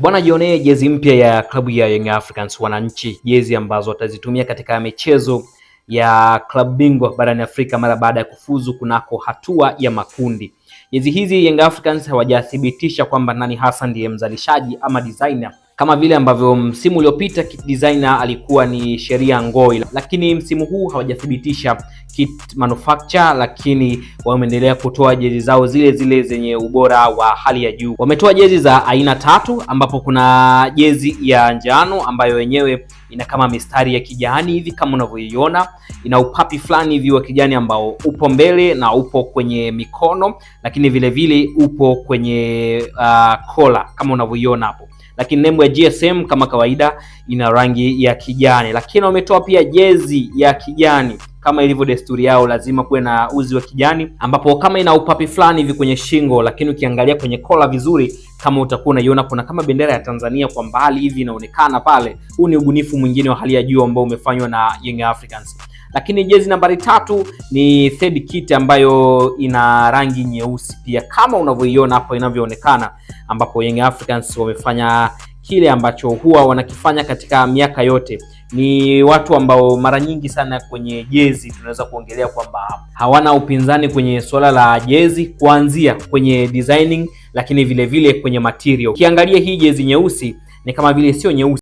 Bwana jionee jezi mpya ya klabu ya Young Africans wananchi, jezi ambazo watazitumia katika michezo ya klabu bingwa barani Afrika mara baada ya kufuzu kunako hatua ya makundi. Jezi hizi Young Africans hawajathibitisha kwamba nani hasa ndiye mzalishaji ama designer kama vile ambavyo msimu uliopita kit designer alikuwa ni Sheria Ngoi, lakini msimu huu hawajathibitisha kit manufacture, lakini wameendelea kutoa jezi zao zile zile zenye ubora wa hali ya juu. Wametoa jezi za aina tatu, ambapo kuna jezi ya njano ambayo wenyewe ina kama mistari ya kijani hivi kama unavyoiona, ina upapi fulani hivi wa kijani ambao upo mbele na upo kwenye mikono, lakini vile vile upo kwenye uh, kola kama unavyoiona hapo lakini nembo ya GSM kama kawaida ina rangi ya kijani, lakini wametoa pia jezi ya kijani kama ilivyo desturi yao, lazima kuwe na uzi wa kijani, ambapo kama ina upapi fulani hivi kwenye shingo, lakini ukiangalia kwenye kola vizuri, kama utakuwa unaiona kuna kama bendera ya Tanzania kwa mbali hivi inaonekana pale. Huu ni ubunifu mwingine wa hali ya juu ambao umefanywa na Young Africans. Lakini jezi nambari tatu ni third kit ambayo ina rangi nyeusi pia kama unavyoiona hapo inavyoonekana, ambapo Young Africans wamefanya kile ambacho huwa wanakifanya katika miaka yote. Ni watu ambao mara nyingi sana kwenye jezi tunaweza kuongelea kwamba hawana upinzani kwenye suala la jezi, kuanzia kwenye designing, lakini vile vile kwenye material. Ukiangalia hii jezi nyeusi ni kama vile sio nyeusi